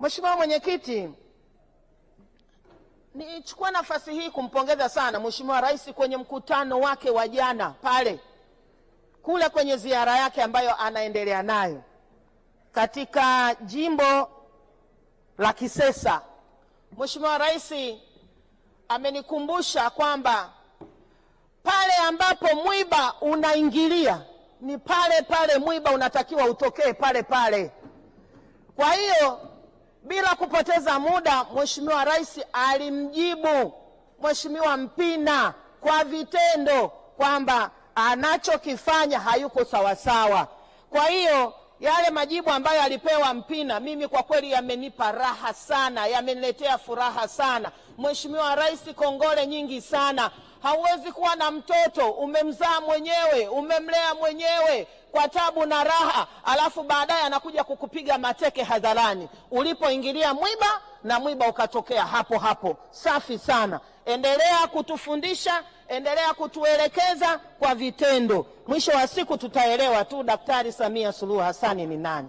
Mheshimiwa Mwenyekiti, nichukua nafasi hii kumpongeza sana Mheshimiwa Rais kwenye mkutano wake wa jana pale kule kwenye ziara yake ambayo anaendelea nayo katika jimbo la Kisesa. Mheshimiwa Rais amenikumbusha kwamba pale ambapo mwiba unaingilia ni pale pale mwiba unatakiwa utokee pale pale. Kwa hiyo bila kupoteza muda, Mheshimiwa Rais alimjibu Mheshimiwa Mpina kwa vitendo kwamba anachokifanya hayuko sawasawa. Kwa hiyo yale majibu ambayo alipewa Mpina, mimi kwa kweli yamenipa raha sana, yameniletea furaha sana. Mheshimiwa Rais, kongole nyingi sana. Hauwezi kuwa na mtoto umemzaa mwenyewe umemlea mwenyewe kwa tabu na raha, alafu baadaye anakuja kukupiga mateke hadharani. Ulipoingilia mwiba na mwiba ukatokea hapo hapo. Safi sana, endelea kutufundisha, endelea kutuelekeza kwa vitendo. Mwisho wa siku tutaelewa tu Daktari Samia Suluhu hasani ni nani.